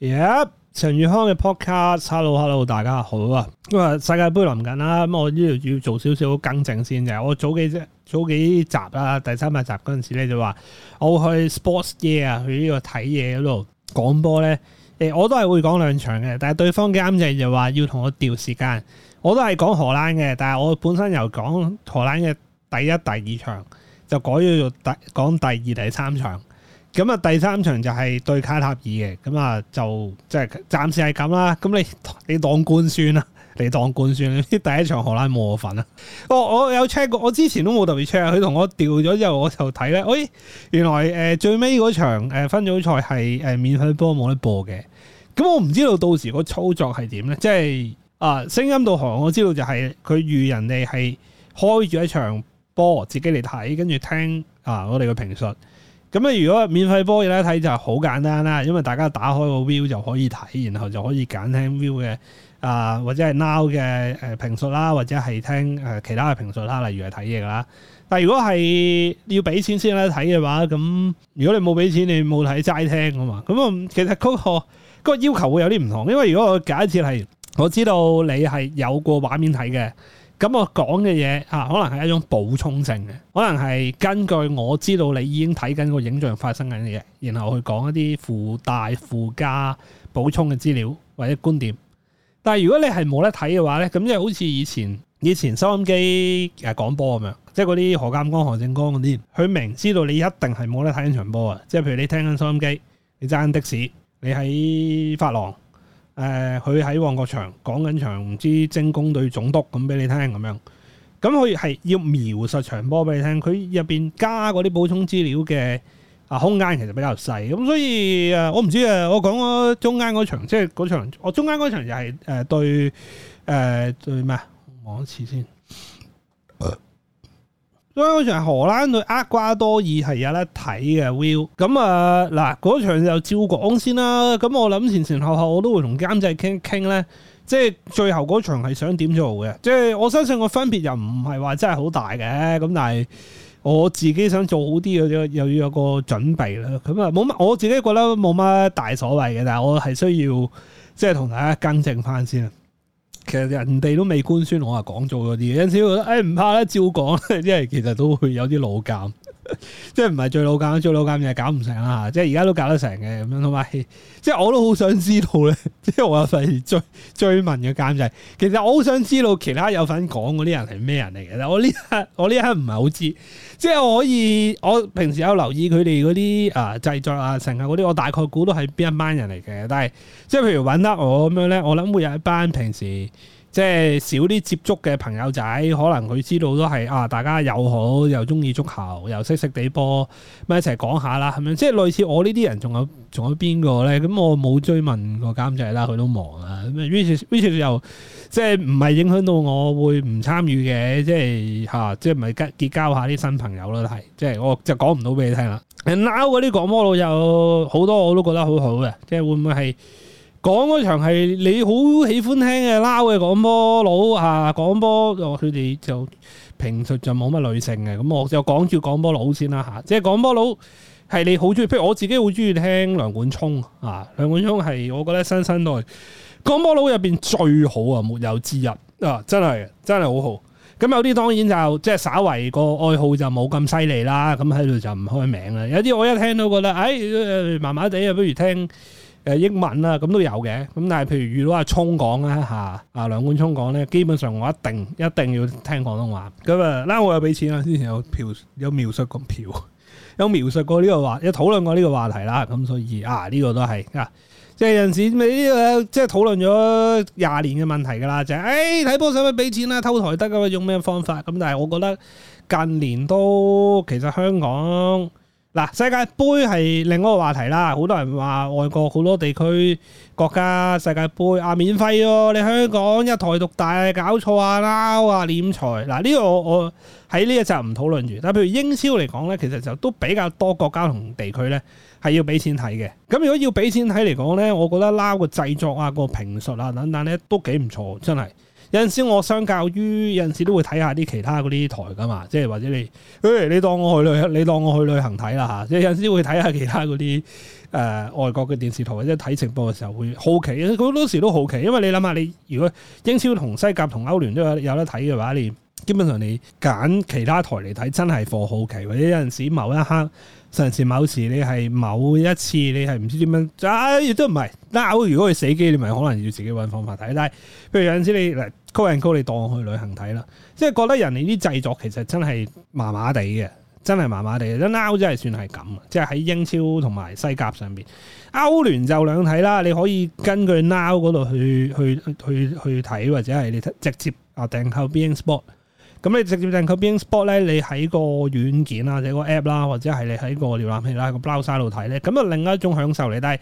耶！陳宇、yep, 康嘅 podcast，hello hello，大家好啊！咁啊，世界盃嚟緊啦，咁我呢度要做少少更正先嘅。我早幾啫，早幾集啊，第三百集嗰陣時咧就話我去 sports Year 啊，去呢個睇嘢嗰度講波咧。誒，我都係會講兩場嘅，但係對方嘅啱正就話要同我調時間。我都係講荷蘭嘅，但係我本身又講荷蘭嘅第一、第二場，就改咗做第講第二、第三場。咁啊，第三場就係對卡塔爾嘅，咁啊就即係暫時係咁啦。咁你你當官宣啦，你當官宣、啊。你，孫、啊你孫啊、第一場荷蘭冇我份啊！我、哦、我有 check 過，我之前都冇特別 check。佢同我調咗之後，我就睇咧。我、哎、原來誒、呃、最尾嗰場分組賽係誒免費波冇得播嘅。咁我唔知道到時個操作係點咧？即係啊，聲、呃、音導航我知道就係佢預人哋係開住一場波，自己嚟睇，跟住聽啊、呃、我哋嘅評述。咁啊，如果免費波嘢咧睇就好簡單啦，因為大家打開個 view 就可以睇，然後就可以揀聽 view 嘅啊、呃，或者係 Now 嘅誒評述啦，或者係聽誒、呃、其他嘅評述啦，例如係睇嘢㗎啦。但係如果係要俾錢先咧睇嘅話，咁如果你冇俾錢，你冇睇齋聽啊嘛。咁啊、嗯，其實嗰、嗰個嗰個要求會有啲唔同，因為如果我假設係我知道你係有個畫面睇嘅。咁我講嘅嘢嚇，可能係一種補充性嘅，可能係根據我知道你已經睇緊個影像發生緊嘅嘢，然後去講一啲附帶附加補充嘅資料或者觀點。但係如果你係冇得睇嘅話呢，咁即係好似以前以前收音機誒講波咁樣，即係嗰啲何鑑江、何靜江嗰啲，佢明知道你一定係冇得睇緊場波啊！即係譬如你聽緊收音機，你揸緊的士，你喺髮廊。誒，佢喺、呃、旺角場講緊場唔知精工隊總督咁俾你聽咁樣，咁佢係要描述場波俾你聽，佢入邊加嗰啲補充資料嘅啊空間其實比較細，咁、嗯、所以誒、呃，我唔知啊，我講咗中間嗰場，即係嗰場，我中間嗰場就係、是、誒、呃、對誒、呃、對咩啊，我望一次先。啊所以嗰場荷蘭對厄瓜多爾係有得睇嘅 Will，咁啊嗱，嗰場就照講先啦。咁我諗前前後後我都會同監製傾傾咧，即係、就是、最後嗰場係想點做嘅。即、就、係、是、我相信個分別又唔係話真係好大嘅，咁但係我自己想做好啲，嘅，又要有個準備啦。咁啊冇乜，我自己覺得冇乜大所謂嘅，但係我係需要即係同大家更正翻先啊。其實人哋都未官宣我，我啊講咗嗰啲，有陣時覺得，誒唔怕啦，照講，因為其實都會有啲老鑒。即係唔係最老監最老監嘅，搞唔成啦吓！即係而家都搞得成嘅，咁樣，同埋即係我都好想知道咧，即係我有份去追，追問嘅監製，其實我好想知道其他有份講嗰啲人係咩人嚟嘅。但我呢刻我呢刻唔係好知，即係我可以我平時有留意佢哋嗰啲啊製作啊成啊嗰啲，我大概估到係邊一班人嚟嘅。但係即係譬如搵得我咁樣咧，我諗會有一班平時。即係少啲接觸嘅朋友仔，可能佢知道都係啊，大家又好又中意足球，又識識地波，咁一齊講下啦，係咪？即係類似我呢啲人，仲有仲有邊個咧？咁我冇追問個監製啦，佢都忙啊。咁啊，which which 又即係唔係影響到我會唔參與嘅？即係嚇、啊，即係唔係結交下啲新朋友咯？係即係我就講唔到俾你聽啦。鬧嗰啲講波佬有好多，我都覺得好好嘅，即係會唔會係？講嗰場係你好喜歡聽嘅撈嘅講波佬啊，講波佢哋就平時就冇乜女性嘅，咁我就講住講波佬先啦吓、啊。即係講波佬係你好中意，譬如我自己好中意聽梁冠聰啊，梁冠聰係我覺得新生代講波佬入邊最好啊，沒有之一啊，真係真係好好。咁有啲當然就即係稍微個愛好就冇咁犀利啦，咁喺度就唔開名啦。有啲我一聽到覺得誒麻麻地啊，不如聽。誒英文啦、啊，咁都有嘅。咁但係譬如遇到阿聰講啊嚇，啊梁冠聰講咧，基本上我一定一定要聽廣東話。咁啊，嗱我又俾錢啦，之前有描有描述過票，有描述過呢個話，有討論過呢個話題啦。咁、啊、所以啊，呢、呢個都係啊，即係有陣時你呢個即係討論咗廿年嘅問題㗎啦，就係誒睇波使唔使俾錢啦，偷台得㗎嘛，用咩方法？咁、啊、但係我覺得近年都其實香港。嗱，世界杯係另外一個話題啦。好多人話外國好多地區國家世界杯啊，免費咯、哦。你香港一台獨大搞錯啊，撈啊，斂財。嗱、啊，呢、這個我喺呢一集唔討論住。但譬如英超嚟講呢，其實就都比較多國家同地區呢係要俾錢睇嘅。咁如果要俾錢睇嚟講呢，我覺得撈個製作啊、個評述啊等等呢都幾唔錯，真係。有陣時我相較於有陣時都會睇下啲其他嗰啲台㗎嘛，即係或者你，誒你當我去旅，你當我去旅行睇啦嚇。即係有陣時會睇下其他嗰啲誒外國嘅電視台，或者睇直播嘅時候會好奇，好多時都好奇。因為你諗下，你如果英超同西甲同歐聯都有有得睇嘅話，你基本上你揀其他台嚟睇真係好好奇，或者有陣時某一刻，有陣時某時你係某一次你係唔知點樣，亦、哎、都唔係。Now 如果佢死機，你咪可能要自己揾方法睇。但係，譬如有陣時你嚟高人高，你當去旅行睇啦。即係覺得人哋啲製作其實真係麻麻地嘅，真係麻麻地。Now 真係算係咁，即係喺英超同埋西甲上邊，歐聯就兩睇啦。你可以根據 Now 嗰度去去去去睇，或者係你直接啊訂購 beIN Sport。咁你直接訂購 beIN Sport 呢，你喺個軟件啦、或者個 app 啦，或者係你喺個瀏覽器啦、喺個 browser 度睇呢。咁啊另外一種享受嚟。但係，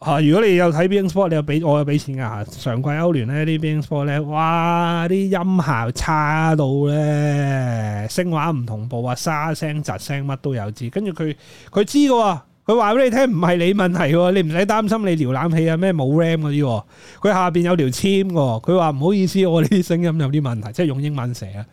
嚇、啊！如果你有睇 Bing Sport，你有俾我有俾錢噶嚇。上季歐聯呢啲 Bing Sport 咧，哇！啲音效差到咧，聲畫唔同步啊，沙聲窒聲乜都有，知跟住佢佢知嘅喎，佢話俾你聽唔係你問題喎，你唔使擔心你瀏覽器啊咩冇 RAM 嗰啲喎。佢下邊有條簽喎，佢話唔好意思，我呢啲聲音有啲問題，即係用英文寫啊。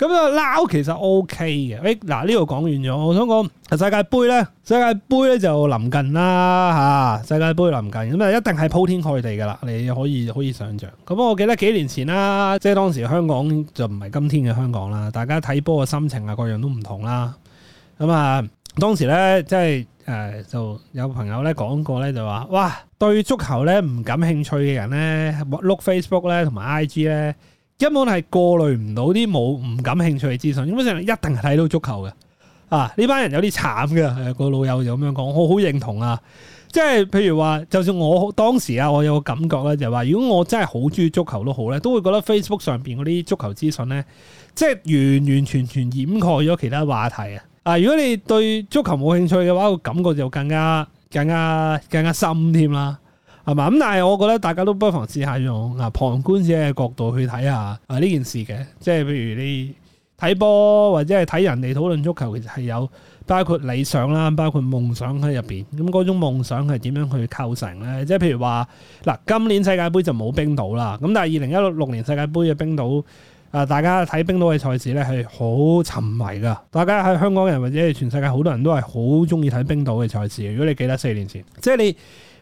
咁啊，撈其實 OK 嘅。誒，嗱呢度講完咗，我想講世界盃咧，世界盃咧就臨近啦嚇、啊，世界盃臨近，咁啊一定係鋪天蓋地嘅啦，你可以可以想像。咁、嗯、我記得幾年前啦，即係當時香港就唔係今天嘅香港啦，大家睇波嘅心情啊，各樣都唔同啦。咁、嗯、啊，當時咧即係誒、呃、就有朋友咧講過咧，就話哇對足球咧唔感興趣嘅人咧，碌 Facebook 咧同埋 IG 咧。根本係過濾唔到啲冇唔感興趣嘅資訊，基本上一定係睇到足球嘅。啊，呢班人有啲慘嘅，個老友就咁樣講，我好認同啊。即係譬如話，就算我當時啊，我有個感覺咧、就係，就話如果我真係好中意足球都好咧，都會覺得 Facebook 上邊嗰啲足球資訊咧，即係完完全全掩蓋咗其他話題啊。啊，如果你對足球冇興趣嘅話，個感覺就更加更加更加深添啦。係嘛？咁、嗯、但係我覺得大家都不妨試下用啊旁觀者嘅角度去睇下啊呢、呃、件事嘅，即係譬如你睇波或者係睇人哋討論足球，其實係有包括理想啦，包括夢想喺入邊。咁、嗯、嗰種夢想係點樣去構成咧？即係譬如話，嗱，今年世界杯就冇冰島啦。咁但係二零一六年世界杯嘅冰島啊、呃，大家睇冰島嘅賽事咧係好沉迷噶大家係香港人或者係全世界好多人都係好中意睇冰島嘅賽事。如果你記得四年前，即係你。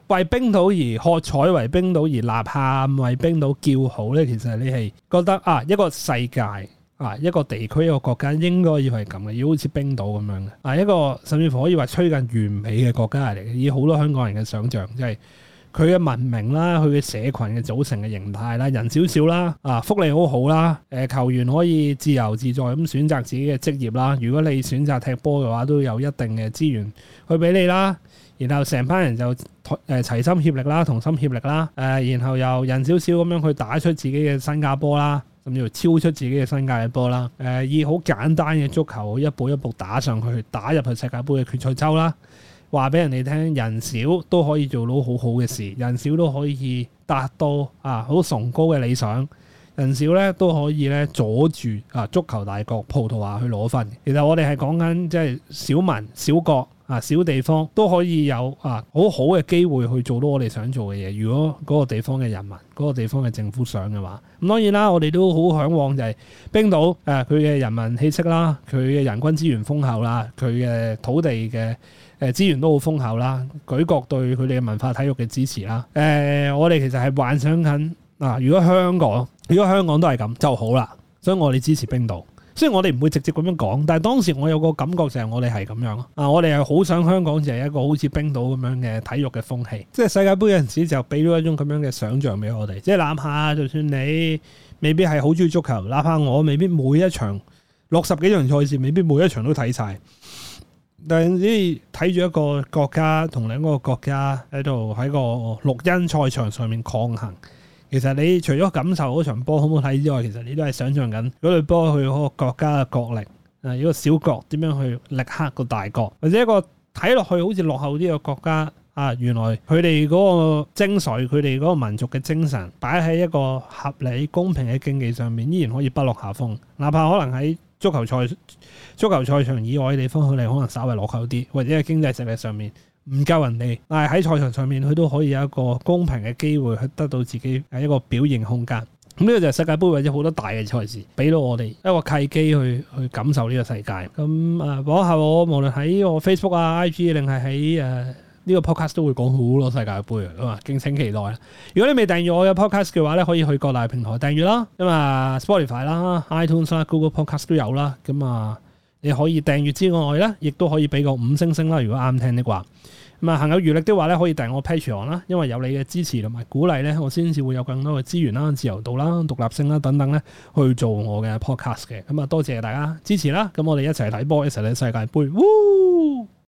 為冰島而喝彩，為冰島而吶喊，為冰島叫好咧。其實你係覺得啊，一個世界啊，一個地區一個國家應該要係咁嘅，要好似冰島咁樣嘅啊，一個甚至乎可以話趨近完美嘅國家嚟嘅。以好多香港人嘅想象，即係佢嘅文明啦，佢嘅社群嘅組成嘅形態啦，人少少啦，啊，福利好好啦，誒，球員可以自由自在咁選擇自己嘅職業啦。如果你選擇踢波嘅話，都有一定嘅資源去俾你啦。然後成班人就誒齊心協力啦，同心協力啦，誒、呃，然後又人少少咁樣去打出自己嘅新加坡啦，甚至超出自己嘅新加坡啦，誒、呃，以好簡單嘅足球一步一步打上去，打入去世界盃嘅決賽周啦。話俾人哋聽，人少都可以做到好好嘅事，人少都可以達到啊好崇高嘅理想，人少咧都可以咧阻住啊足球大國葡萄牙去攞分。其實我哋係講緊即係小民小國。啊！小地方都可以有啊好好嘅機會去做到我哋想做嘅嘢。如果嗰個地方嘅人民、嗰、嗰個地方嘅政府想嘅話，咁當然啦，我哋都好嚮往就係冰島誒，佢、啊、嘅人民氣息啦，佢嘅人均資源豐厚啦，佢嘅土地嘅誒資源都好豐厚啦，舉國對佢哋嘅文化體育嘅支持啦。誒、啊，我哋其實係幻想緊啊！如果香港，如果香港都係咁就好啦，所以我哋支持冰島。即係我哋唔會直接咁樣講，但係當時我有個感覺就係我哋係咁樣咯。啊，我哋係好想香港就係一個好似冰島咁樣嘅體育嘅風氣。即係世界杯有陣時就俾咗一種咁樣嘅想象俾我哋。即係哪怕就算你未必係好中意足球，哪怕我未必每一場六十幾場賽事，未必每一場都睇晒，但係只睇住一個國家同另一個國家喺度喺個綠茵賽場上面抗衡。其實你除咗感受嗰場波好唔好睇之外，其實你都係想象緊嗰隊波去嗰個國家嘅國力啊，一個小國點樣去力克個大國，或者一個睇落去好似落後啲嘅國家啊，原來佢哋嗰個精髓、佢哋嗰個民族嘅精神，擺喺一個合理公平嘅競技上面，依然可以不落下風。哪怕可能喺足球賽足球賽場以外嘅地方，佢哋可能稍微落後啲，或者係經濟實力上面，唔夠人哋，但係喺賽場上面，佢都可以有一個公平嘅機會去得到自己係一個表現空間。咁、嗯、呢、這個就係世界盃或者好多大嘅賽事，俾到我哋一個契機去去感受呢個世界。咁、嗯、啊，我下我無論喺我 Facebook 啊、IG，定係喺誒呢個 podcast 都會講好多世界盃啊。咁、嗯、啊，敬請期待啦！如果你未訂閱我嘅 podcast 嘅話咧，可以去各大平台訂閱啦。咁、嗯、啊，Spotify 啦、iTunes 啦、Google Podcast 都有啦。咁、嗯、啊～你可以訂閱之外咧，亦都可以俾個五星星啦，如果啱聽的話。咁啊，行有餘力的話咧，可以訂我 Patreon 啦，因為有你嘅支持同埋鼓勵咧，我先至會有更多嘅資源啦、自由度啦、獨立性啦等等咧，去做我嘅 podcast 嘅。咁啊，多謝大家支持啦！咁我哋一齊睇波，一齊睇世界杯。